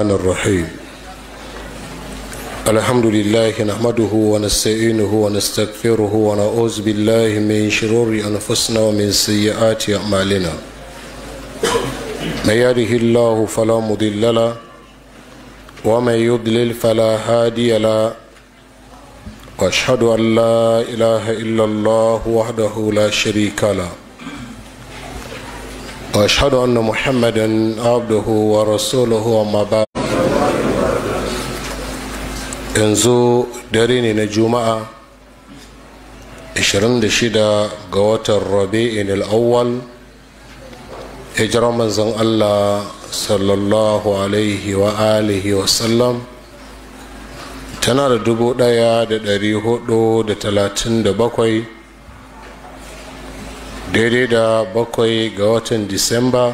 الرحمن الرحيم الحمد لله نحمده ونستعينه ونستغفره ونعوذ بالله من شرور أنفسنا ومن سيئات أعمالنا من يهده الله فلا مضل له ومن يضلل فلا هادي له وأشهد أن لا إله إلا الله وحده لا شريك له وأشهد أن محمدا عبده ورسوله وما بعد yanzu dare ne na juma'a 26 ga watan rabi'in al'awwal hijirar manzon allah sallallahu alaihi wa alihi wasallam tana da dubu daya da dari hudu da talatin da bakwai daidai da bakwai ga watan disamba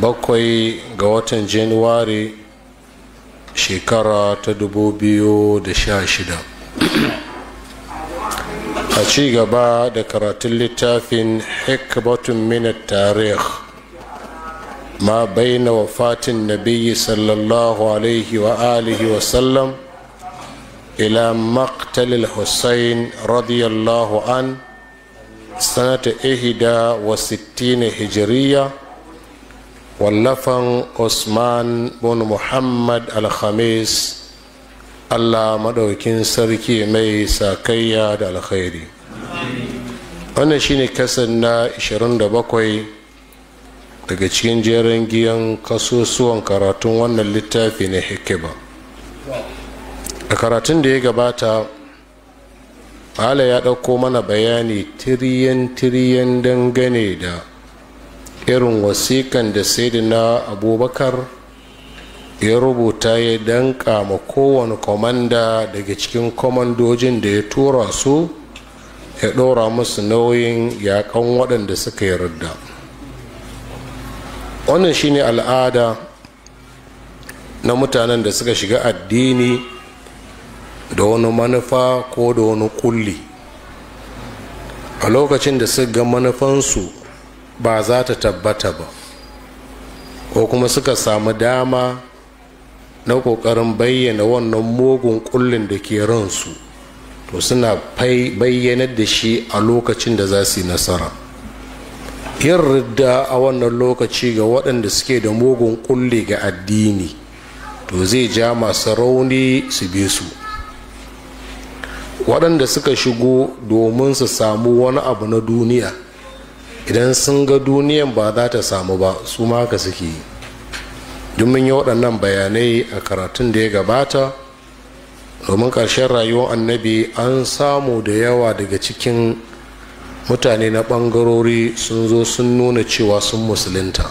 bakwai ga watan januwari shekara ta dubu biyu da sha shida. a ci gaba da karatun littafin hikbatun minat tarih ma baina wafatin nabiyyi sallallahu alaihi wa alihi wa sallam ila maktalil hussain radiyallahu an sanata ihda wa sittina hijiriya wallafan usman bin muhammad alhamis allah maɗaukin sarki mai sakayya da alkhairi wannan shine kasan na 27 daga cikin jerin giyan kasusuwan karatun wannan littafi na hikima a karatun da ya gabata ala ya ɗauko mana bayani tiriyan tiriyan dangane da irin wasikan da na abubakar ya rubuta ya danka ma kowane komanda daga cikin komandojin da ya tura su ya ɗora musu nauyin yakan waɗanda suka yarda wannan shine al'ada na mutanen da suka shiga addini da wani manufa ko da wani kulli a lokacin da suka ga manufansu ba za ta tabbata ba ko kuma suka samu dama na ƙoƙarin bayyana wannan mugun kullin da ke ransu to suna bayyanar da shi a lokacin da za su yi nasara yin ridda a wannan lokaci ga waɗanda suke da mugun kulli ga addini to zai ja masu rauni su bi su waɗanda suka shigo domin su samu wani abu na duniya idan sun ga duniyan ba za ta samu ba su ma ka suke yi domin yi waɗannan bayanai a karatun da ya gabata domin ƙarshen rayuwar annabi an samu da yawa daga cikin mutane na ɓangarori sun zo sun nuna cewa sun musulunta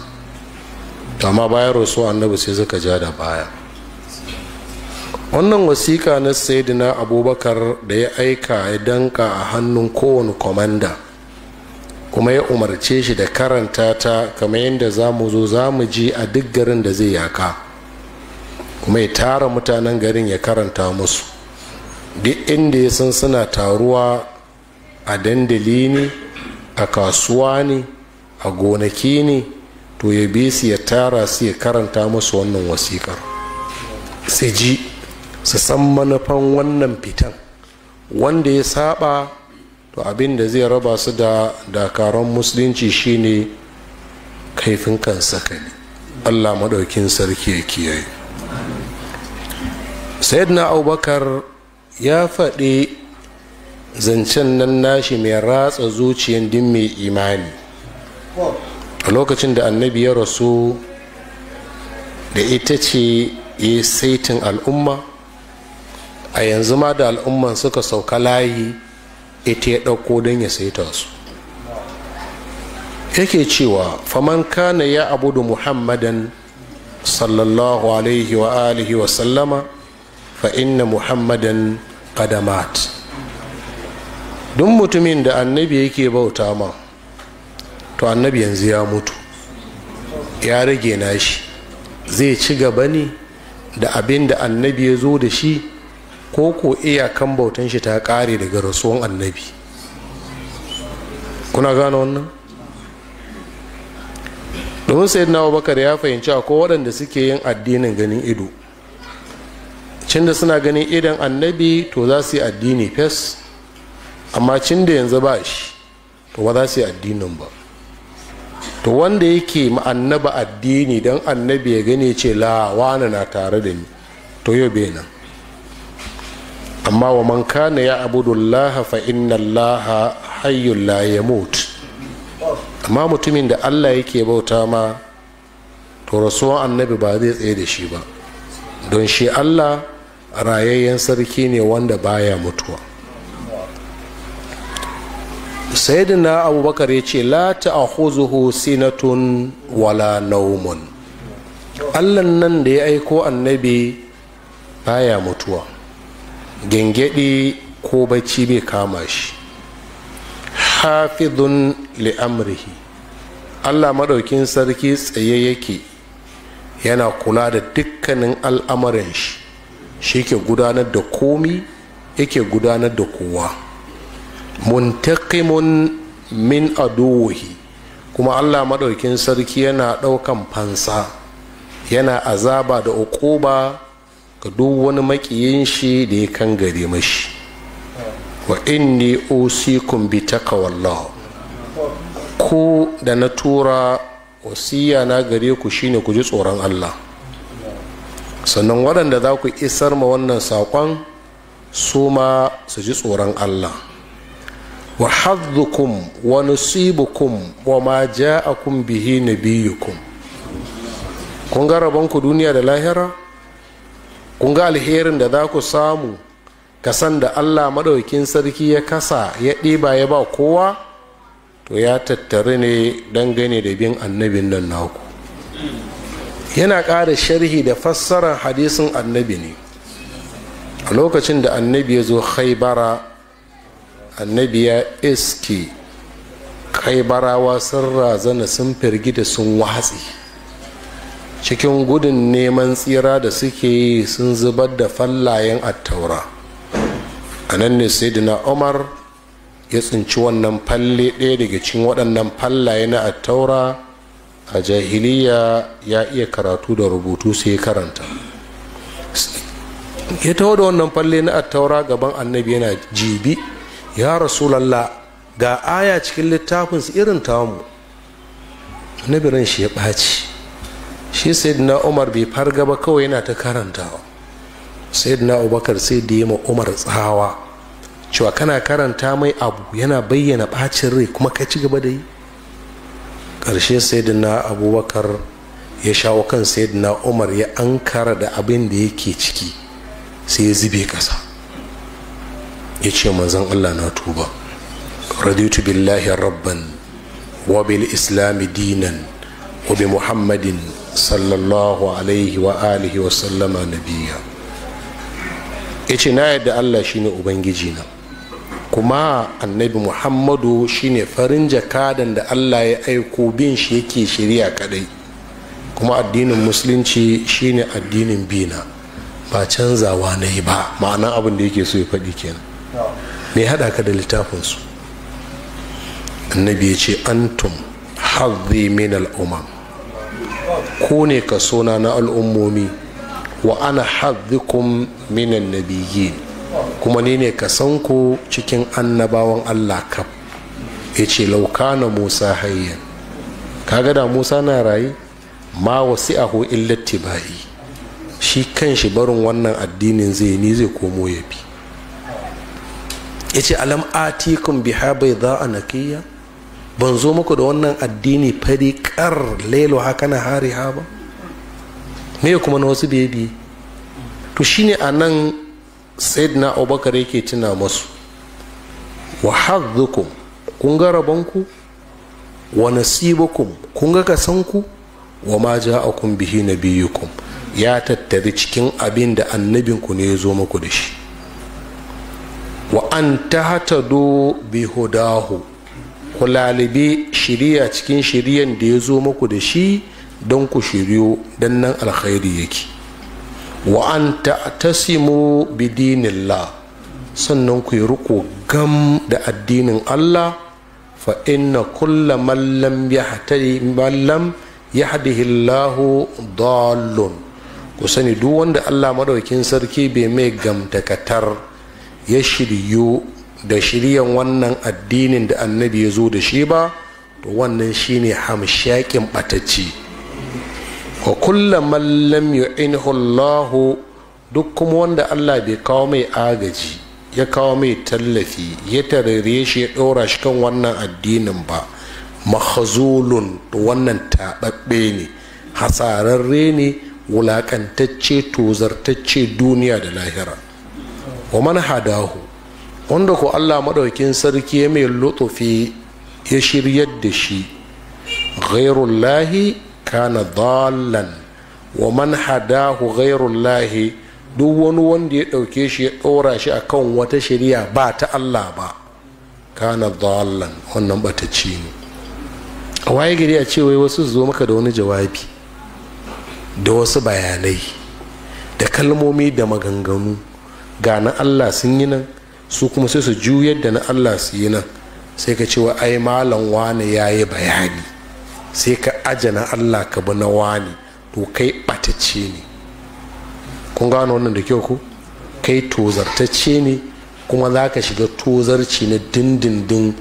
amma bayan rasu annabi sai suka ja da baya wannan wasiƙa na sayidina abubakar da ya aika ya danka a hannun kowane kwamanda kuma ya umarce shi da karanta ta kamar yadda za mu zo za mu ji a duk garin da zai yaka kuma ya tara mutanen garin ya karanta musu duk inda ya san suna taruwa a dandali ne a kasuwa ne a gonaki ne to ya bi su ya tara su ya karanta musu wannan wasikar su ji su san manufan wannan fitan wanda ya saba to abin da zai raba su da dakaran musulunci shine kaifin kansa kane allah maɗaukin sarki ya kiyaye sayyidina abubakar ya faɗi zancen nan nashi mai ratsa zuciyan din mai imani a lokacin da annabi ya rasu da ita ce ya saitin al'umma a yanzu ma da al'umman suka sauka layi ita ya ɗauko don ya saita su yake cewa faman kana ya abudu muhammadan sallallahu alaihi wa alihi wa sallama fa inna muhammadan qadamat duk mutumin da annabi yake bauta ma to annabi yanzu ya mutu ya rage nashi zai ci gaba ne da abin da annabi ya zo da shi ko ko iyakan bautan shi ta kare daga rasuwan annabi kuna gane wannan domin sai na bakar ya fahimci a waɗanda suke yin addinin ganin ido cin da suna ganin idan annabi to za su yi addini fes amma cin da yanzu ba shi to ba za su yi addinin ba to wanda yake ma'annaba addini don annabi ya gane ce la na tare da ni to yau bai nan amma wa man kana ya abudullaha fa inna allaha hayyul la yamut amma mutumin da Allah yake bauta ma to rasuwan annabi ba zai tsaye da shi ba don shi Allah rayayyen sarki ne wanda baya mutuwa sayyidina abubakar ya ce la ta'khuzuhu sinatun wala naumun allan nan da ya aiko annabi baya mutuwa gyangyaɗe ko bacci bai kama shi hafizun li'amrihi allah maɗaukin sarki tsaye yake yana kula da dukkanin al'amarin shi shi ke gudanar da komi yake gudanar da kowa muntakimun min aduwohi kuma allah maɗaukin sarki yana ɗaukan fansa yana azaba da uquba Ka duk wani makiyin shi da ya kan gare mashi wa inni usikum bi taqwallah ku da na tura wasiya na gare ku shine ku ji tsoron Allah sannan waɗanda za ku isar ma wannan saƙon su ma su ji tsoron Allah wa haddukum wa nusibukum wa ma ja'akum bihi nabiyukum kun ga ku duniya da lahira kun ga alherin da za ku samu kasan da allah maɗaukin sarki ya kasa ya ɗiba ya ba kowa to ya tattari ne don gane da bin annabin nan naku yana ƙara sharhi da fassarar hadisin annabi ne a lokacin da annabi ya zo haibara annabi ya iske haibarawa sun razana sun firgita sun watsi cikin gudun neman tsira da suke yi sun zubar da fallayen attaura a nan ne saidina umar ya tsinci wannan falle ɗaya daga cikin waɗannan fallaye na attaura a jahiliya ya iya karatu da rubutu sai ya karanta ya taho da wannan falle na attaura gaban annabi yana jibi ya rasulallah ga aya cikin littafinsu irin tamu annabi ran shi ya ɓaci shi sayyidina umar bai farga ba kawai yana ta karantawa sayyidina abubakar sai da ma umar tsawa cewa kana karanta mai abu yana bayyana bacin rai kuma ka ci gaba da yi ƙarshe sayyidina abubakar ya shawo kan sayyidina umar ya ankara da abin da yake ciki sai ya zube kasa ya ce manzon allah na tuba raditu billahi rabban wa bil islami dinan wa bi muhammadin sallallahu alaihi wa alihi wa sallama nabiya ya ce na yadda allah shine ubangiji na kuma annabi muhammadu shine farin jakadan da allah ya aiko bin shi yake shirya kadai kuma addinin musulunci shine addinin bina ba canzawa na yi ba ma'ana abin da yake so ya faɗi kenan me haɗa ka da littafin su? annabi ya ce antum hazzi min al'umam ku ne ka sona na al'ummomi wa ana haddikum minan nabiyyi kuma ni ne ka san ku cikin annabawan Allah kaf ya ce laukana musa hayyan kaga da musa na rayu ma wasi ahu illati ba'i shi kan shi barin wannan addinin zai ni zai komo ya bi ya ce alam atikum biha bai za a nakiya ban zo muku da wannan addini fari kar lelo haka na hari ha ba me kuma na wasu bebi to shine a nan na abubakar yake tuna masu wa haddukum kun ga rabonku wa nasibukum kun ga kasanku wa ma ja'akum bihi nabiyukum ya tattari cikin abin da annabinku ne ya zo muku da shi wa an tahtadu bi hudahu ku lalibe shiriya cikin shiriyan da ya zo muku da shi don ku shiryo don nan alkhairi yake wa an ta'tasimu bi la sannan ku yi riko gam da addinin Allah fa inna kulla Mallam lam yahtadi man lam yahdihi dallun ku sani duk wanda Allah madaukin sarki bai mai gamtakatar ya shiryu da shiryan wannan addinin da annabi ya zo da shi ba to wannan shine hamshakin batacci wa kulla man lam yu'inhu Allah duk kuma wanda Allah bai kawo mai agaji ya kawo mai tallafi ya tarare shi ya ɗora shi kan wannan addinin ba mahazulun wannan taɓaɓɓe ne hasararre ne wulaƙantacce tozartacce duniya da lahira wa man hadahu wanda ko allah maɗaukin sarki ya mai lutufi ya shiryar da shi ghairullahi kana dallan wa man hadahu ghairullahi duk wani wanda ya ɗauke shi ya ɗora shi a kan wata shari'a ba ta allah ba kana dallan wannan batacci ne a waye gari a ce wai wasu zo maka da wani jawabi da wasu bayanai da kalmomi da maganganu ga na allah sun yi nan su kuma sai su juyar da na allah su yi nan sai ka ce wa ai malam wani ya yi bayani sai ka aje na allah ka bi na wani to kai ɓatacce ne kun gano wannan da kyau ku kai tozartacce ne kuma za ka shiga tozarci na dindindin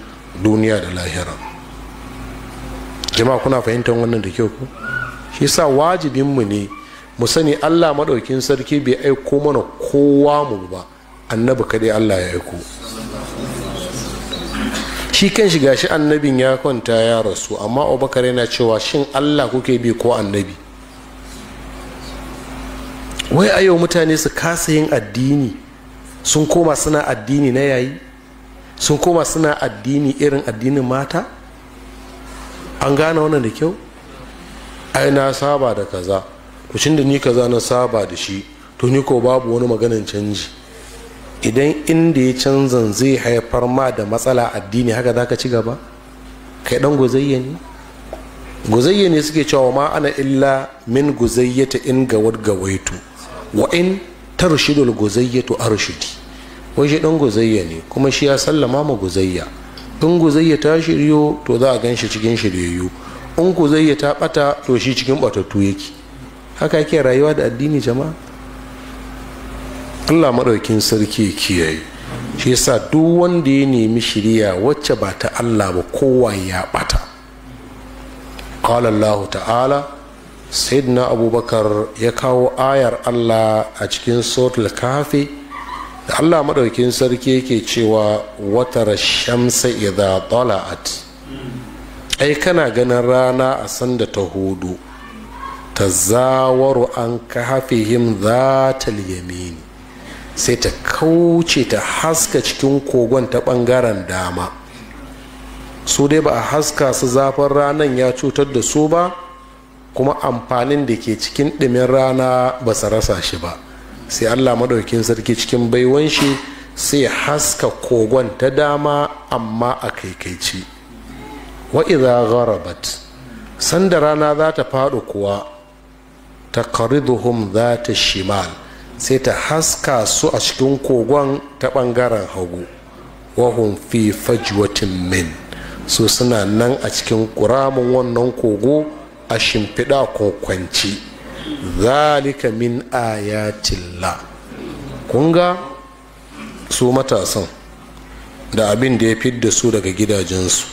duniya da lahira jama'a kuna fahimtar wannan da kyau ku shi sa wajibinmu ne mu sani allah maɗaukin sarki bai aiko mana kowa mu ba annabi kaɗai allah ya aiko shi kan shiga shi annabin ya kwanta ya rasu amma abubakar yana cewa shin allah kuke bi ko annabi wai a yau mutane su kasa yin addini sun koma suna addini na yayi sun koma suna addini irin addinin mata an gane wannan da kyau ai na saba da kaza to da ni kaza na saba da shi to ni ko babu wani maganin canji idan inda ya canza zai haifar ma da matsala addini haka za ka ci gaba kai dan guzayya ne guzayya ne suke cewa ma ana illa min ta in gawar gawaitu wa in tarshidul guzayyatu arshidi wai shi dan guzayya ne kuma shi ya sallama ma guzayya in guzayya ta shiryo to za a ganshi cikin shiryayyu in guzayya ta bata to shi cikin batattu yake haka yake rayuwa da addini jama'a allah maɗaukin sarki kiyaye shi yasa duk wanda ya nemi shirya wacce ba ta allah ba kowa ya ɓata qala allah ta'ala sayyidina abubakar ya kawo ayar allah a cikin suratul kafe da allah maɗaukin sarki yake cewa watar shamsa idha tala'at ai kana ganin rana a sanda ta hudu ta zawaru an za ta yamini sai ta kauce ta haska cikin kogon ta bangaren dama su dai ba a haska su zafin ranar ya cutar da su ba kuma amfanin da ke cikin ɗimin rana ba su rasa shi ba sai allah maɗaukin sarki cikin baiwan shi sai haska kogon ta dama amma a kaikaici wa'iza gharabat sanda rana za ta faɗo kuwa ta za ta shimal sai ta haska su a cikin kogon ta ɓangaren hagu wahun fi fajiwatin min su suna nan a cikin ƙuramin wannan kogo a shimfiɗa kwankwanci zalika min ayatilla kunga su matasan da abin da ya fidda su daga gidajensu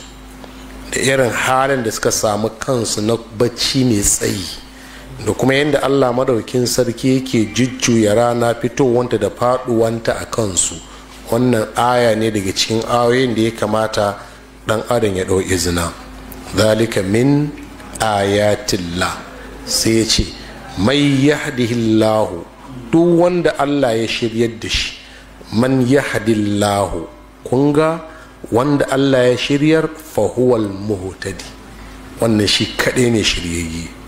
da irin halin da suka samu kansu na bacci mai tsayi da kuma yadda allah madaukin sarki yake jujjuya rana fitowanta da faɗuwanta a kansu wannan aya ne daga cikin ayoyin da ya kamata ɗan adam ya ɗau izina zalika min ayatilla sai ya ce mai yahdihillahu duk wanda allah ya shiryar da shi man yahdillahu kun ga wanda allah ya shiryar fahuwal muhtadi wannan shi kaɗai ne shiryayye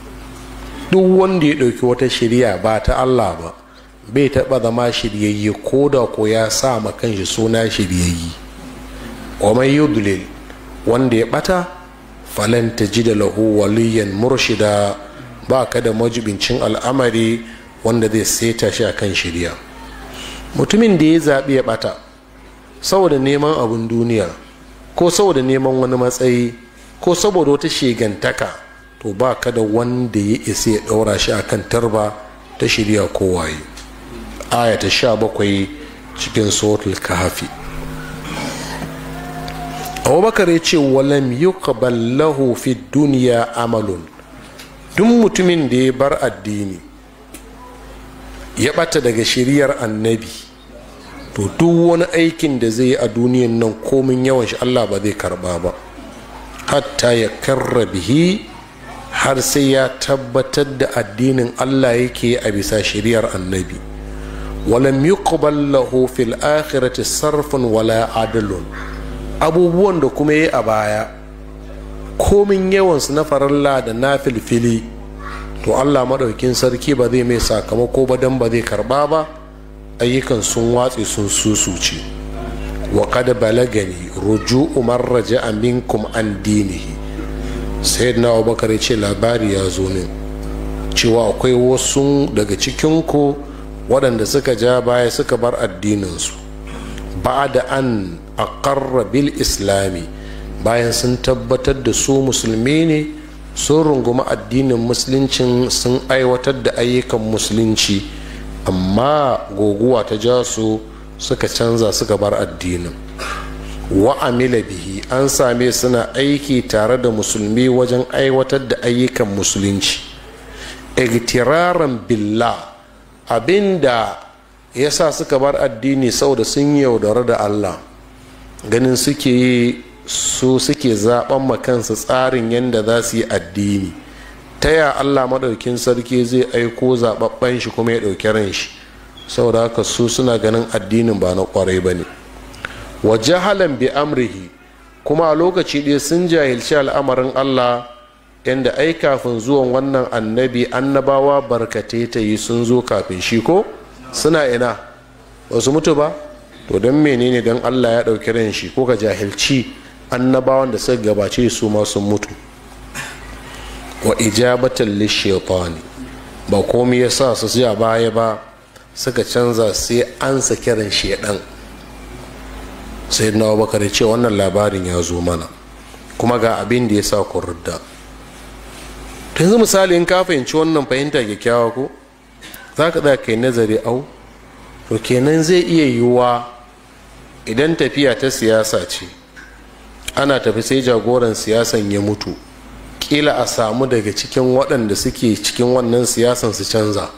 duk wanda ya ɗauki wata shirya ba ta allah ba bai taɓa zama shiryayye ko da ko ya sa ma kanshi suna shiryayye wa mai wanda ya ɓata falan ta ji da lahu waliyan murshida ba ka da majibincin al'amari wanda zai saita shi kan shirya mutumin da ya zaɓi ya ɓata saboda neman abin duniya ko saboda neman wani matsayi ko saboda wata shigantaka to ba ka da wanda ya isa ya ɗaura shi a kan tarba ta shirya kowaye aya ta sha bakwai cikin suratul kahafi abubakar ya ce walam yi lahu fi duniya amalun duk mutumin da ya bar addini ya bata daga shiriyar annabi to duk wani aikin da zai yi a duniyan nan komin yawan shi allah ba zai karba ba hatta ya karra bihi har sai ya tabbatar da addinin Allah yake a bisa shiriyar annabi walam yuqbal lahu fil akhirati sarfun wala adalun abubuwan da kuma yi a baya komin yawansu na faralla da na filfili to Allah maɗaukin sarki ba zai mai sakamako ba don ba zai karba ba ayyukan sun watse sun susuce wa qad balagani ruju'u man raja'a minkum an dinihi na abubakar ya ce labari ya zo min cewa akwai wasu daga cikinku waɗanda suka ja baya suka bar addininsu ba da an aqarra bil islami bayan sun tabbatar da su musulmi ne sun rungumi addinin musuluncin sun aiwatar da ayyukan musulunci amma goguwa ta ja su suka canza suka bar addinin wa amila bihi an same suna aiki tare da musulmi wajen aiwatar da ayyukan musulunci igtiraran billah abinda ya sa suka bar addini saboda sun yaudara da allah ganin suke yi su suke zaɓen makansu tsarin yadda za su yi addini ta ya allah maɗaukin sarki zai aiko zaɓaɓɓen shi kuma ya ɗauki ran shi saboda haka su suna ganin addinin ba na ƙwarai ba ne wa jahalan bi amrihi kuma a lokaci ɗaya sun jahilci al'amarin allah inda ai kafin zuwan wannan annabi annabawa barkate ta yi sun zo kafin shi ko suna ina ba su mutu ba to don menene don allah ya ɗauki ran shi ko ka jahilci annabawan da suka gabace su ma sun mutu wa ijabatan lishaitani ba komai yasa su a baya ba suka canza sai an sa shi shaidan sai na abubakar ya ce wannan labarin ya zo mana kuma ga abin da ya sa ku rudda ta yanzu misali in ka fahimci wannan fahimta kyakkyawa ko za ka tsaya kai nazari au to kenan zai iya yiwuwa idan tafiya ta siyasa ce ana tafi sai jagoran siyasan ya mutu kila a samu daga cikin waɗanda suke cikin wannan siyasan su canza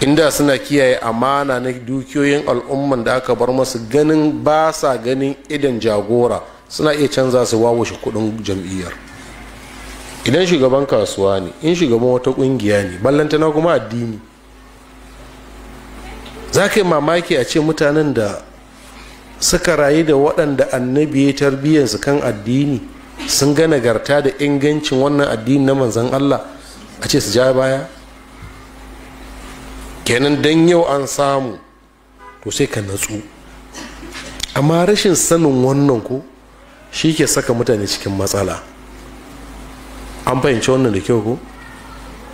inda suna kiyaye amana na dukiyoyin al'umman da aka bar masu ganin ba sa ganin idan jagora suna iya canza su wawashe kudin jam'iyyar idan shugaban kasuwa ne in shugaban wata kungiya ne ballantana kuma addini za ka yi mamaki a ce mutanen da suka rayu da waɗanda annabi ya tarbiyyarsu kan addini sun ga nagarta da ingancin wannan addini na manzan allah a ce su ja baya kenan dan yau an samu to sai ka natsu amma rashin sanin wannan ku shi ke saka mutane cikin matsala an fahimci wannan da kyau ko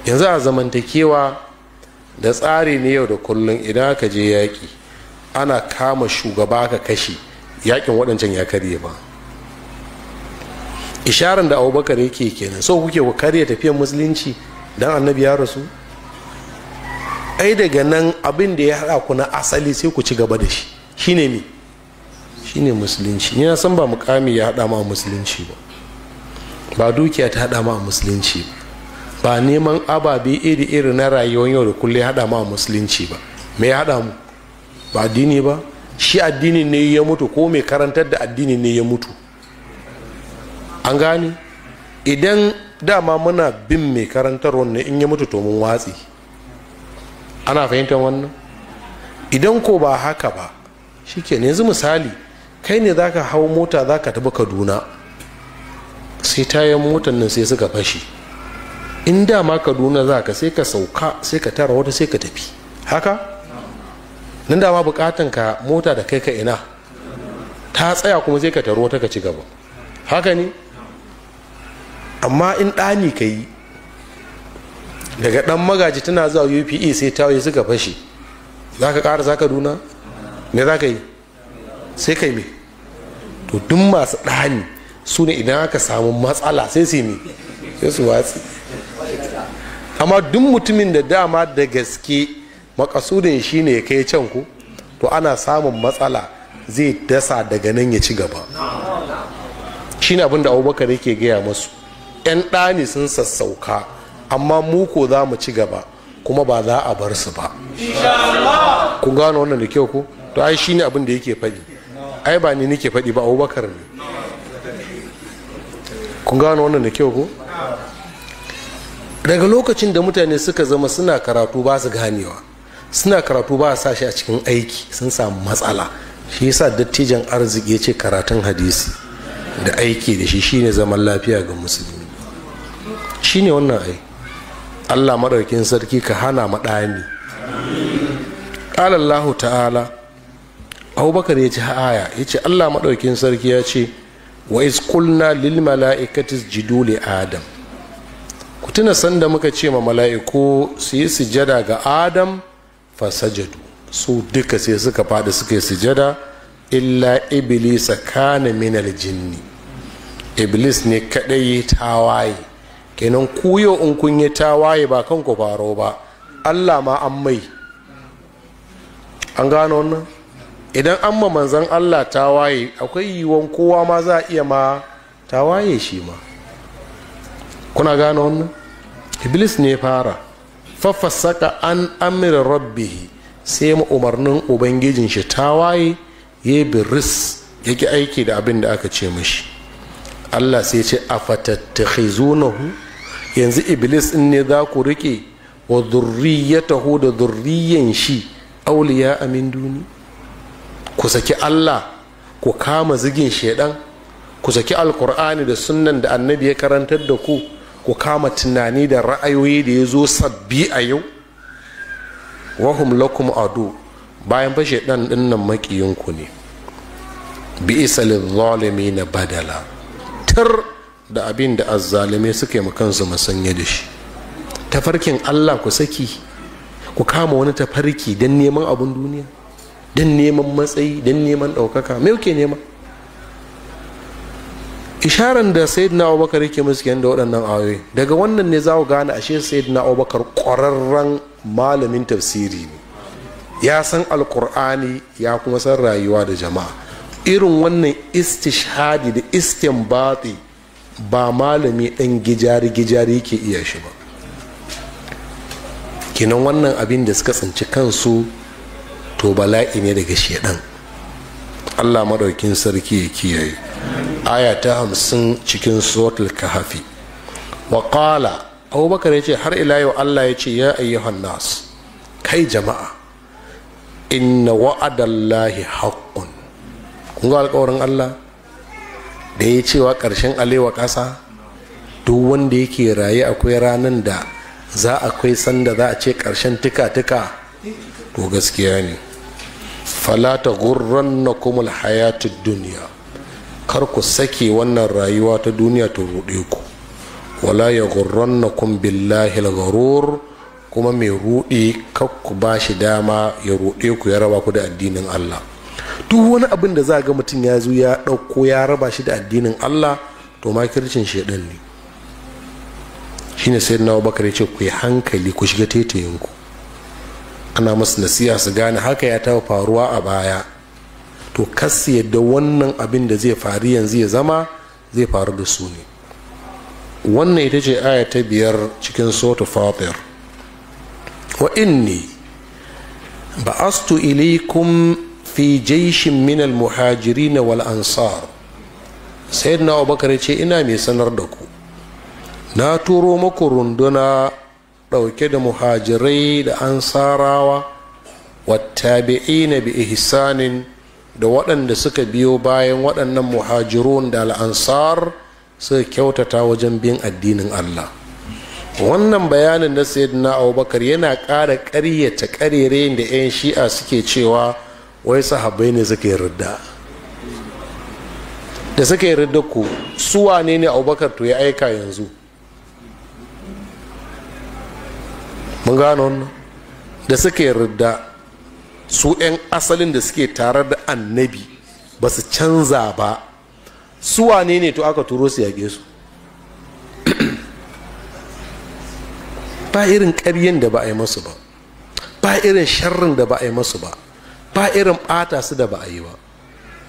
yanzu a zamantakewa da tsari ne yau da kullum idan aka je yaƙi ana kama shugaba ka kashe yaƙin waɗancan ya karye ba isharar da abubakar yake kenan so kuke ku karya tafiyan musulunci don annabi ya rasu ai daga nan abin da ya haɗa ku na asali sai ku ci gaba da shi shine mi shine musulunci ni na san ba mukami ya haɗa ma musulunci ba ba dukiya ta haɗa ma musulunci ba ba neman ababe iri iri na rayuwar yau da kullum ya haɗa ma musulunci ba me ya haɗa mu ba addini ba shi addini ne ya mutu ko mai karantar da addini ne ya mutu an gane idan dama muna bin mai karantar wannan in ya mutu to mun watsi ana fahimtar wannan idan ko ba haka ba shike yanzu misali kai ne zaka hau mota zaka tafi kaduna sai tayan motar nan sai suka fashi in dama kaduna za ka sai ka sauka sai ka tara wata sai ka tafi haka nan dama bukatan ka mota da kai ka ina ta tsaya kuma sai ka taro wata ka ci gaba haka ne amma in ɗani ka yi daga dan magaji tana zuwa upe sai ta yi suka fashi za ka ƙara za ka duna me za ka yi sai ka yi me to duk masu ɗani su ne idan aka samu matsala sai su yi me sai su watsi amma duk mutumin da dama da gaske makasudin shi ne kai can ku to ana samun matsala zai dasa daga nan ya ci gaba shi ne abin da abubakar yake gaya masu 'yan ɗani sun sassauka amma mu ko za mu ci gaba kuma ba za a bar su ba kun gano wannan da kyau ko to ai shine abin da yake faɗi ai ba ni nake faɗi ba abubakar ne kun gano wannan da kyau ko daga lokacin da mutane suka zama suna karatu ba su ganewa suna karatu ba sa shi a cikin aiki sun samu matsala shi yasa dattijan arziki ya ce karatun hadisi da aiki da shi shine zaman lafiya ga musulmi shine wannan aiki allah maɗaukin sarki ka hana maɗani ƙalallahu ta'ala abubakar ya ci aya ya ce allah maɗaukin sarki ya ce wa is kulna lil mala'ikati jidu li adam ku tuna sanda muka ce ma mala'iku su yi sujada ga adam fasajadu su duka sai suka faɗi suka yi sujada illa iblis kana minal jinni iblis ne kaɗai tawaye kenan kuyo in kun yi tawaye ba kanku faro ba allah ma an mai an gano wannan idan an ma manzan allah tawaye akwai yiwuwan kowa ma za a iya ma tawaye shi ma kuna gano wannan iblis ne fara fafasaka an amir rabbihi sai ma umarnin ubangijin shi tawaye ya biris yake aiki da abin da aka ce mashi allah sai ce a fatattakhizunahu yanzu iblis in ne za ku riƙe wa zurriyatahu da zurriyan shi auliya amin duni ku saki allah ku kama zigin shaidan ku saki alkur'ani da sunan da annabi ya karantar da ku ku kama tunani da ra'ayoyi da ya zo sabbi a yau wahum lakum adu bayan fashe ɗan dinnan makiyinku ne bi isa na badala tar da abin da azzalume suka yi kansu musanye da shi tafarkin allah ku saki ku kama wani tafarki don neman abin duniya don neman matsayi don neman ɗaukaka mai yake nema isharar da sayyidina abubakar yake musu da waɗannan ayoyi daga wannan ne za ku gane ashe sayyidina abubakar ƙwararren malamin tafsiri ne ya san alkur'ani ya kuma san rayuwa da jama'a irin wannan istishadi da istinbati ba malami ɗan gijari-gijari ke iya shi ba kinan wannan abin da suka tsinci kansu to bala'i ne daga shedan allah maɗaukin sarki ya kiyaye aya ta hamsin cikin suratul kahafi wa qala abubakar ya ce har ila yau allah ya ce ya ayyuhan nas kai jama'a inna wa'adallahi haƙƙun. kun ga alƙawarin allah da ya cewa ƙarshen alewa ƙasa duk wanda yake raye akwai ranar da za a akwai sanda za a ce ƙarshen tuka-tuka to gaskiya ne falata gurran na kumul hayatun duniya kar ku sake wannan rayuwa ta duniya ta ruɗe ku wala ya gurran na kun billahi kuma mai ruɗe kakku ba shi dama ya ruɗe ku ya raba ku da addinin allah duk wani abin da za ga mutum ya zo ya ɗauko ya raba shi da addinin allah to shi shaidan ne shine sai na bakar ce ku yi hankali ku shiga tetayenku ana masu nasiha su gane haka ya taɓa faruwa a baya to kas yadda wannan abin da zai faru yanzu ya zama zai faru da su ne wannan ita ce aya ta biyar cikin sotu fatir wa inni ba'astu ilaikum fi jaishin minal muhajiri na wal ansar sayyidina abubakar ya ce ina mai sanar da ku na turo maku runduna ɗauke da muhajirai da ansarawa wattabi'ina bi ihsanin da waɗanda suka biyo bayan waɗannan muhajirun da al'ansar suka kyautata wajen bin addinin allah wannan bayanin na sayyidina abubakar yana ƙara ƙaryata ƙarerayin da 'yan shi'a suke cewa wai sahabai ne suke yi da suke ku su wane ne abubakar to ya aika yanzu mun gano da suke su 'yan asalin da suke tare da annabi ba su canza ba su wane ne to aka turo su yaƙe su ba irin ƙaryen da ba a yi masu ba ba irin sharrin da ba a yi masu ba ba irin bata su da ba a yi ba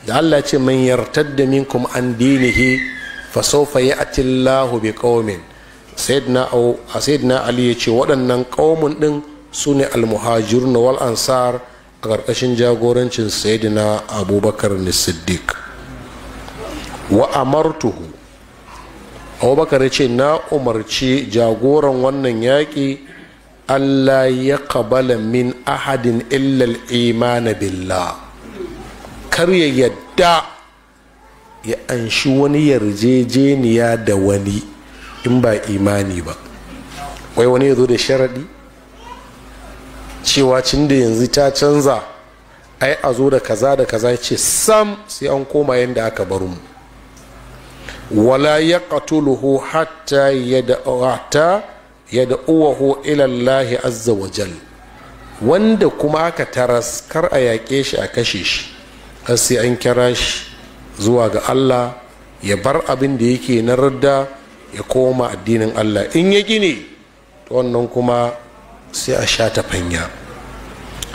da Allah ce man yartadda minkum an dinihi fa sawfa ya'ti Allahu bi qaumin sayyidina a sayyidina Ali ya ce waɗannan qaumun din sune al-muhajirun wal ansar a ƙarƙashin jagorancin sayyidina Abubakar ni Siddiq wa amartuhu Abubakar ya ce na umarci jagoran wannan yaƙi Allah ya kabala min ahadin illal imana billah kar ya yadda ya anshi wani yarjejeniya da wani in ba imani ba wai wani ya zo da sharaɗi cewa cin da yanzu ta canza ai a zo da kaza da kaza ce sam sai an koma yadda aka bar mu wala ya hatta ya da ya da uwahu ilallahi azza wa jal wanda kuma aka taras kar a yaƙe shi a kashe shi har sai an kira shi zuwa ga allah ya bar abin da yake na radda ya koma addinin allah in ya gine to wannan kuma sai a sha ta fanya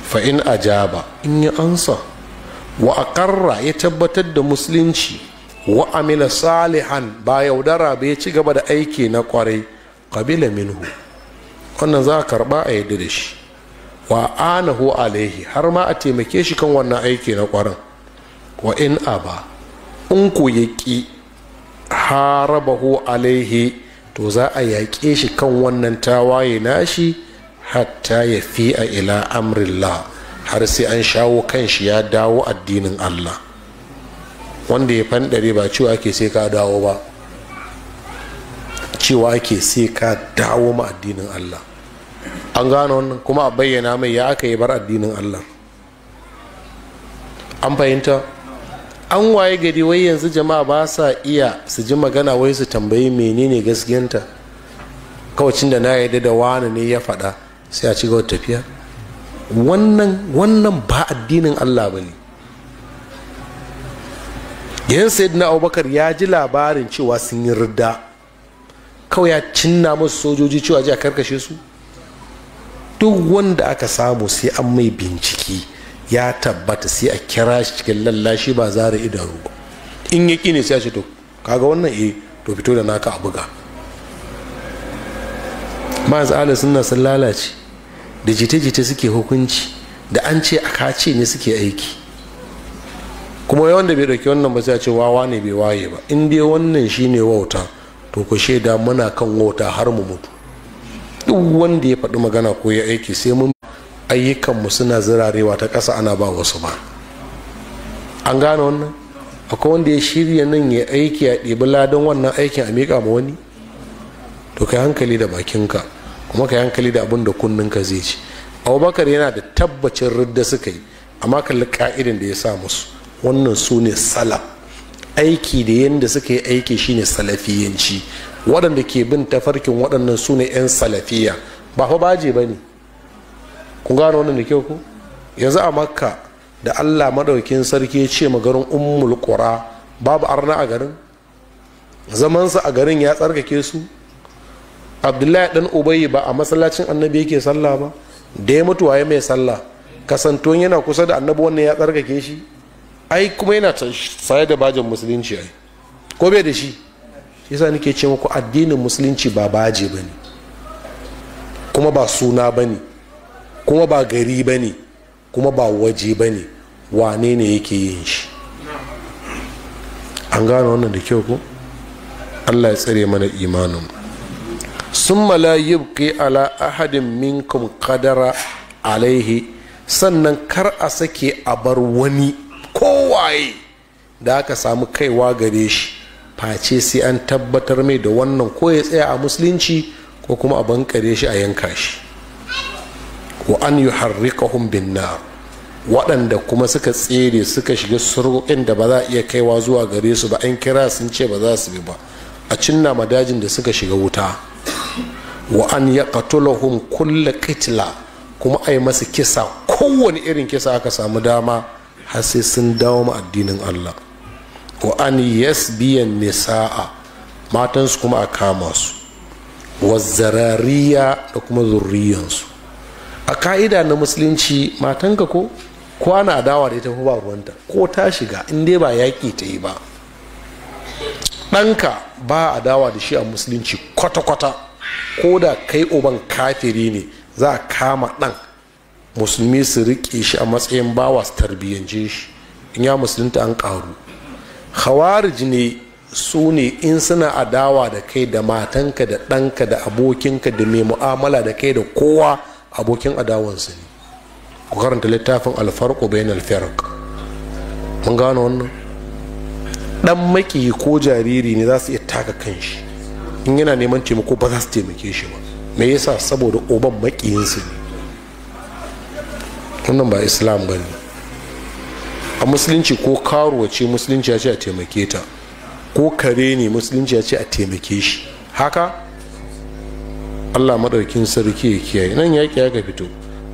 fa in ajaba in ya ansa wa aqarra ya tabbatar da musulunci wa amila salihan ba yaudara ba ya ci gaba da aiki na ƙwarai. Kabila minhu wannan za a karba a yadda da shi wa anahu alaihi har ma a taimake shi kan wannan aiki na kwarin wa in ba in ku ya ƙi harabahu alaihi to za a yaƙe shi kan wannan tawaye shi hatta ya fi a ila amrillah har sai an shawo kan shi ya dawo addinin allah wanda ya fanɗare ba cewa ake sai ka dawo ba cewa ake sai ka dawo ma addinin Allah an gano wannan kuma a bayyana mai ya aka yi bar addinin Allah an fahimta an waye gari wai yanzu jama'a ba sa iya su ji magana wai su tambayi menene gaskiyanta kawacin da na yarda da wani ne ya faɗa sai a ci gaba tafiya wannan wannan ba addinin Allah ba ne yan sayyidina abubakar ya ji labarin cewa sun yi rida kawai ya cinna musu sojoji cewa ji a karkashe su duk wanda aka samu sai an mai bincike ya tabbata sai a kira shi cikin lallashi ba zara idanu ba in ya ne sai a ce to kaga wannan eh to fito da naka a buga ma'az ala suna sun lalace da jita-jita suke hukunci da an ce a kace ne suke aiki kuma yawan da bai dauki wannan ba sai a ce wawa ne bai waye ba in dai wannan shine wauta to ku shaida muna kan wauta har mu mutu duk wanda ya faɗi magana ko ya aiki sai mun ayyukanmu suna zirarewa ta ƙasa ana ba wasu ba an gane wannan akwai wanda ya shirya nan ya aiki a ɗebi ladan wannan aikin a miƙa ma wani to kai hankali da bakinka kuma kai hankali da abin da kunninka zai ci abubakar yana da tabbacin ridda suka yi amma kalli ka'idin da ya sa musu wannan su ne salaf aiki da yadda suka yi aiki shine salafiyanci waɗanda ke bin tafarkin waɗannan su ne 'yan salafiya ba fa baje ba ne kun gano wannan da kyau ku yanzu a makka da allah maɗaukin sarki ya ce garin ummul qura babu arna a garin zamansa a garin ya tsarkake su abdullahi ɗan ubayi ba a masallacin annabi yake sallah ba da ya mutuwa ya mai sallah kasantuwan yana kusa da annabi wannan ya tsarkake shi ai kuma yana saye da bajin musulunci ai ko bai da shi yasa nake ce muku addinin musulunci ba baje ba ne kuma ba suna ba ne kuma ba gari ba ne kuma ba waje ba ne wane ne yake yin shi an gano wannan da kyau ko allah ya tsare mana imanin sun malayib kai ala ahadin minkum kadara alaihi sannan kar a sake a bar wani kowaye da aka samu kaiwa gare shi face sai an tabbatar mai da wannan ko ya tsaya a musulunci ko kuma a bankare shi a yanka shi wa an yi humbin binna waɗanda kuma suka tsere suka shiga surukin da ba za a iya kaiwa zuwa gare su ba an kira sun ce ba za su bi ba a cinna madajin da suka shiga wuta wa an ya katulahum kulla kitla kuma a yi masa kisa kowane irin kisa aka samu dama har sai sun dawo ma addinin Allah wa an biyan nisa'a matansu kuma a kama su wa zarariya da kuma zurriyansu a ka'ida na musulunci matanka ko kwana dawa da ita ko ba ruwanta ko ta shiga in dai ba yaƙi ta yi ba ɗanka ba a dawa da shi a musulunci kwata-kwata ko da kai uban kafiri ne za a kama ɗan musulmi su riƙe shi a matsayin bawa su tarbiyyance shi in ya musulunta an ƙaru khawarij ne su ne in suna adawa da kai da matanka da ɗanka da abokinka da mai mu'amala da kai da kowa abokin adawansu ne ku karanta littafin alfarko bayan alfarq mun gano wannan ɗan maki ko jariri ne za su iya taka kan shi in yana neman taimako ba za su taimake shi ba me yasa saboda oban makiyinsu ne wannan ba islam ba ne a musulunci ko karuwa ce musulunci ya ce a taimake ta ko kare ne musulunci ya ce a taimake shi haka allah maɗaukin sarki ya kiyaye nan yaƙi ya ka fito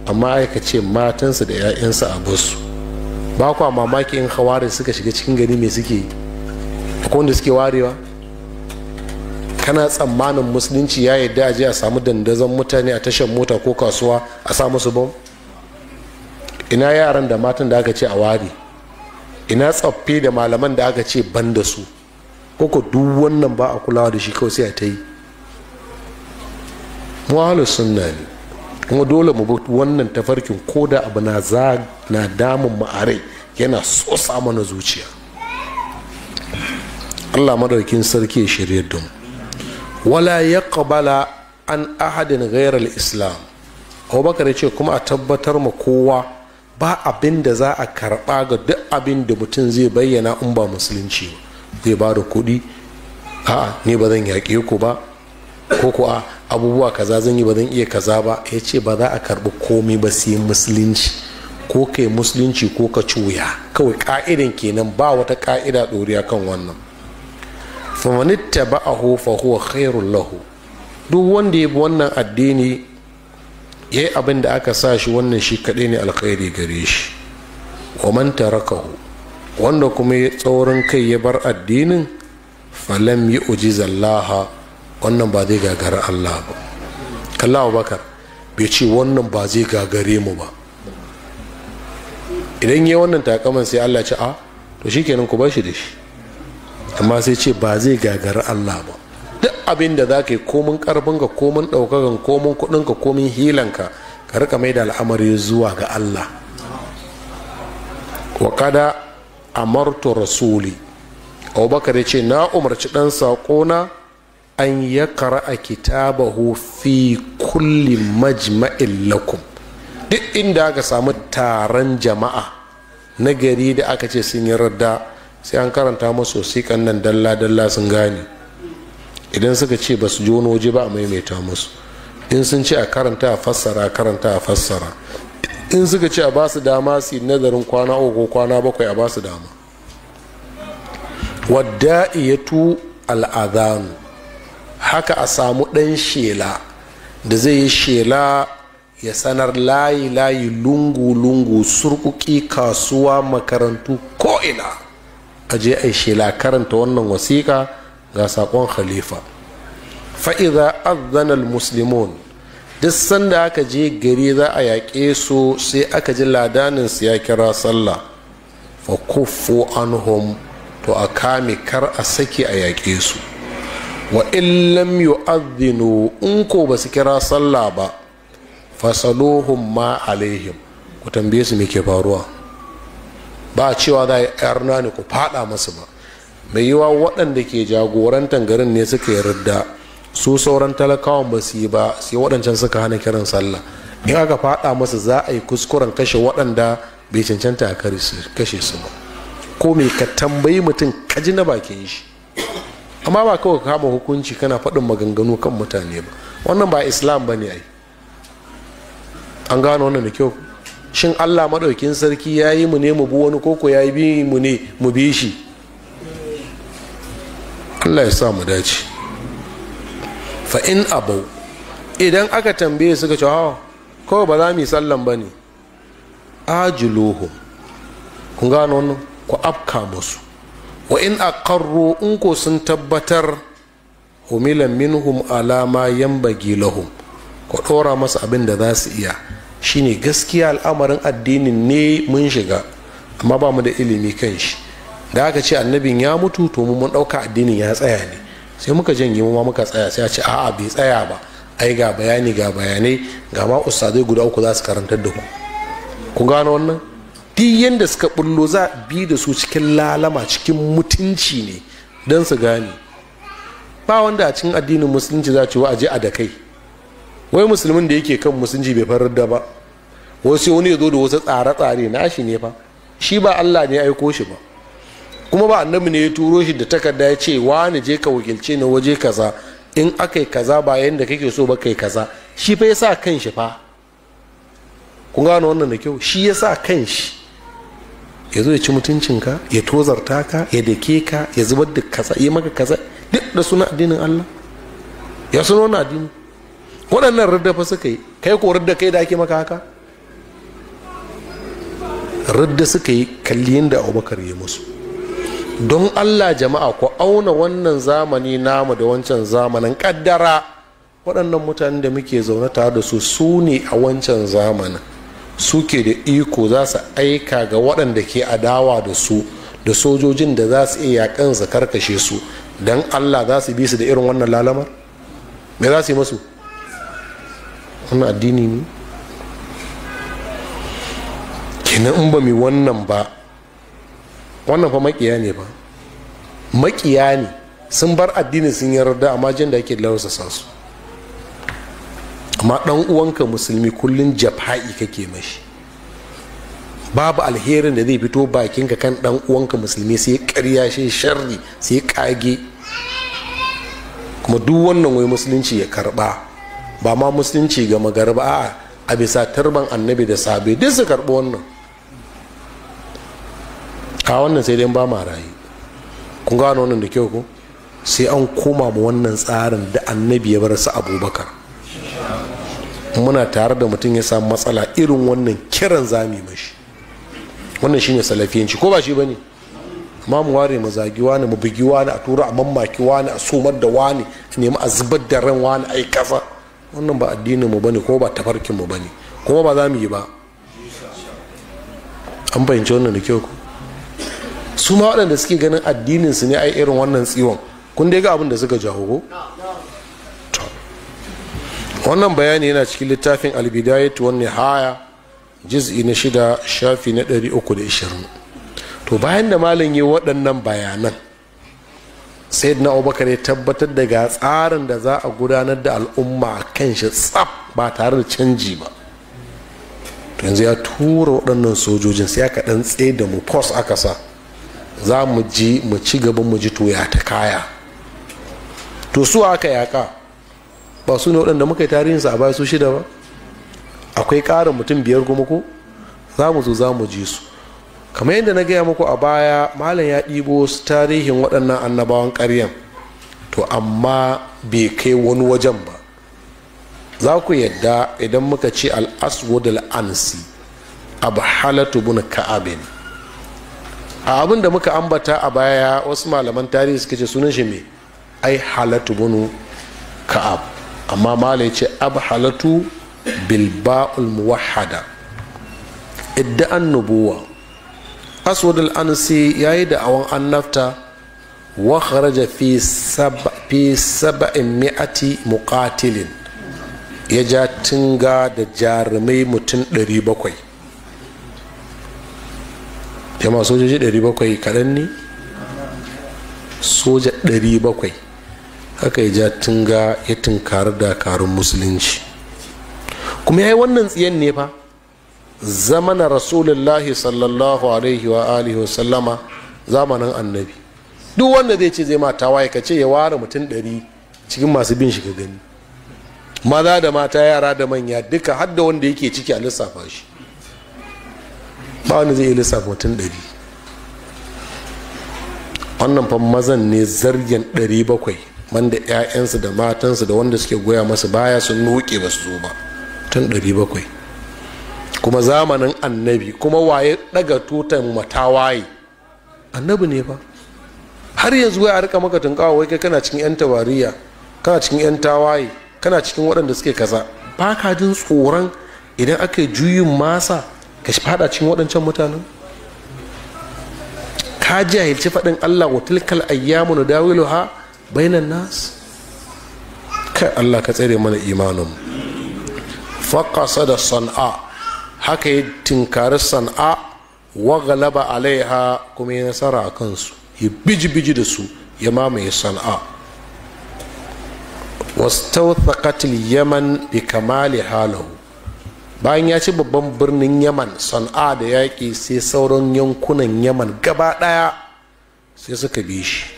amma aika ce matansa da 'ya'yansa a basu ba kwa mamaki in hawarin suka shiga cikin gani mai suke akwai wanda suke warewa kana tsammanin musulunci ya yarda a je a samu dandazon mutane a tashar mota ko kasuwa a sa su bam? ina yaran da matan da aka ce a ware ina tsaffe da malaman da aka ce ban da su koko duk wannan ba a kulawa da shi kawai sai a ta yi mu sunna ne kuma dole mu bi wannan tafarkin ko da abu na za na damun mu a rai yana sosa mana zuciya allah madaukin sarki ya shirya da wala ya kabala an ahadin gairar islam abubakar ya ce kuma a tabbatar ma kowa ba abin da za a karɓa ga duk abin da mutum zai bayyana in ba musulunci zai ba da kuɗi a'a ne ba zan yaƙe ku ba ko kuwa abubuwa kaza zan yi ba zan iya kaza ba ya ce ba za a karɓi komai ba sai musulunci ko kai musulunci ko ka cuya kawai ka'idan kenan ba wata ka'ida ɗoriya kan wannan famanitta a hofa huwa khairul lahu duk wanda ya bi wannan addini ya yi abin da aka sa shi wannan shi kaɗai ne alkhairi gare shi wa man tarakahu wanda kuma ya tsaurin kai ya bar addinin falam yi zallaha wannan ba zai gagara Allah ba kallawa bakar bai ce wannan ba zai gagare mu ba idan yi wannan takaman sai Allah ce a ah, to kenan ku bashi shi da shi amma sai ce ba zai gagara Allah ba abin da za ka yi komin ka komin ɗaukakan komin kuɗinka komin hilan ka ka rika mai da al'amari zuwa ga allah wa kada amartu rasuli abubakar ya ce na umarci ɗan saƙona an ya kara a kitabahu fi kulli majma'in lakum duk inda aka samu taron jama'a na gari da aka ce sun yi radda sai an karanta masu sikan nan dalla-dalla sun gane idan suka ce ba su ji wani waje ba a maimaita musu in sun ce a karanta a fassara a karanta a fassara in suka ce a ba su dama su yi nazarin kwana uku kwana bakwai a ba su dama tu al'adhanu haka a samu ɗan shela da zai yi shela ya sanar layi layi lungu lungu surkuki kasuwa makarantu ko'ina a je a shela karanta wannan wasiƙa ga saƙon khalifa fa'iza azanal musulmun. duk sanda aka je gari za a yaƙe su sai aka ji ladanin su ya kira sallah fa kuffu anhum to a kame kar a saki a yaƙe su wa illam yu'adhdhinu in ko ba su kira sallah ba fasaluhum ma alaihim ku tambaye su me ke faruwa ba cewa za a yi ne ku fada masu ba mai yiwa waɗanda ke jagorantar garin ne suka yarda su sauran talakawan ba su yi ba sai waɗancan suka hana kiran sallah in aka faɗa masa za a yi kuskuren kashe waɗanda bai cancanta a kashe su ba ko mai ka tambayi mutum kaji na bakin shi amma ba kawai kama hukunci kana faɗin maganganu kan mutane ba wannan ba islam ba ne ai an gano wannan da kyau shin allah maɗaukin sarki ya yi mu ne mu bi wani koko ya yi mu ne mu bi shi allah ya sa mu dace fa in abau idan aka tambaye suka ce hawa ah, kawai ba za mu yi sallan ba ne ajiluhu kun gano wannan ku afka musu wa in aqarru in ko sun tabbatar humilan minhum alama yambagi lahum ku ɗora masu abin da za su iya shine gaskiya al'amarin addinin ne mun shiga amma ba mu da ilimi kan shi da aka ce annabin ya mutu to mu mun ɗauka addinin ya tsaya ne sai muka janye mu ma muka tsaya sai a ce a'a bai tsaya ba ai ga bayani ga bayanai ga ma ustazai guda uku za su karantar da ku ku gano wannan duk yanda suka bullo za bi da su cikin lalama cikin mutunci ne don su gane ba wanda a cikin addinin musulunci za ce wa aje a da kai wai musulmin da yake kan musulunci bai farar da ba wasu wani ya zo da wasu tsare-tsare na shi ne fa shi ba allah ne aiko shi ba kuma ba annabi ne ya turo shi da takarda ya ce wani je ka wakilce ni waje kaza in aka yi kaza ba yadda kake so ba kai kaza shi fa ya sa kan shi fa kun gano wannan da kyau shi ya sa kan shi ya zo ya ci mutuncinka ya tozarta ka ya dake ka ya zubar da kaza ya maka kaza duk da suna addinin Allah ya suna wani addini waɗannan raddafa suka yi kai ko radda kai da ake maka haka radda suka yi kalli yadda abubakar ya musu don allah jama'a ku auna wannan zamani namu da wancan zamanin kaddara waɗannan mutanen da muke zaune tare da su su ne a wancan zamanin suke da iko za su aika ga waɗanda ke adawa da su da sojojin da za su iya karkashe su don allah za su bi su da irin wannan lalamar me za su yi masu wannan addini ne kenan in mai wannan ba wannan fa makiya ne ba makiya ne sun bar addini sun yarda amma jin da ake lausasa su amma dan uwanka musulmi kullun jafhai kake mashi babu alherin da zai fito bakinka kan ɗan uwanka musulmi sai ƙarya shi sharri sai kage kuma duk wannan wai musulunci ya karba ba ma musulunci ga magarba a bisa turban annabi da sabai duk su karbi wannan ka wannan sai dai ba ma rayu kun gano wannan da kyau ko sai an koma mu wannan tsarin da annabi ya bar su abubakar muna tare da mutum ya samu matsala irin wannan kiran zami mashi wannan shine salafiyanci ko ba shi bane amma mu ware mu zagi wani mu bugi wani a tura a mammaki wani a somar da wani a nemi a zubar da ran wani ai kasa wannan ba addinin mu bane ko ba tafarkin mu bane kuma ba za mu yi ba an fahimci wannan da kyau ko. su ma waɗanda suke ganin addinin su ne ayi irin wannan tsiwon kun dai ga abin da suka jawo wannan bayani yana cikin littafin albidayatu wani haya jiz'i na shida shafi na 320 to bayan da malam yi waɗannan bayanan sai na abubakar ya tabbatar daga tsarin da za a gudanar da al'umma a kan shi tsaf ba tare da canji ba to yanzu ya tura waɗannan sojojin sai aka ɗan tsaye da mu pos aka sa za mu ji mu ci gaba mu ji toya ta kaya to su aka yaka ba su ne waɗanda muka yi su a baya su shida ba akwai ƙarin mutum biyar kuma ko za mu zo za mu ji su kamar yadda na gaya muku a baya malam ya ɗibo su tarihin waɗannan annabawan ƙaryan to amma bai kai wani wajen ba za ku yadda idan muka ce al'aswad al'ansi abu halatu bin ka'abin a abin da muka ambata a baya wasu malaman tarihi suka ce sunan shi me ai halatu bunu ka'ab amma malai ce ab halatu bilba'ul muwahhada idda'an nubuwa aswad al ya yayi da awan annafta wa kharaja fi fi sab'in mi'ati muqatilin ya ja tunga da jarumai mutum 700 jama'a sojoji 700 kaɗan ne soja 700 haka ya ja tun ga ya da dakarun musulunci kuma ya yi wannan tsiyan ne fa zamana rasulullahi sallallahu alaihi wa alihi sallama zamanin annabi duk wanda zai ce zai mata waye ka ce ya ware mutum ɗari cikin masu bin shiga gani maza da mata yara da manya duka har da wanda yake ciki a lissafa shi ba wani zai iya lissafa mutum ɗari wannan fa mazan ne zargen ɗari bakwai wanda 'ya'yansu da matansu da wanda suke goya masu baya sun nuke ba su zo ba tun ɗari bakwai kuma zamanin annabi kuma waye ɗaga tutan matawaye annabi ne ba har yanzu ya a rika maka tunkawa wai kai kana cikin 'yan tawariya kana cikin 'yan tawaye kana cikin waɗanda suke kaza ba ka jin tsoron idan aka yi juyin masa ka shi fada cikin waɗancan mutanen ka jahilci faɗin allah wa tilkal ayyamu na dawilu ha bainan nas kai allah ka tsere mana imanin faƙasa da san'a haka yi tinkari san'a wa galaba alaiha kuma ya nasara a kansu ya biji-biji da su ya mamaye san'a wasu yaman bi kamali halahu bayan ya ci babban birnin yaman sana'a da yaƙi sai sauran yankunan yaman gaba ɗaya sai suka bi shi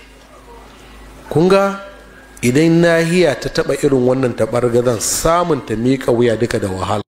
kunga idan nahiya ta taɓa irin wannan taɓargazan samun ta miƙa wuya duka da wahala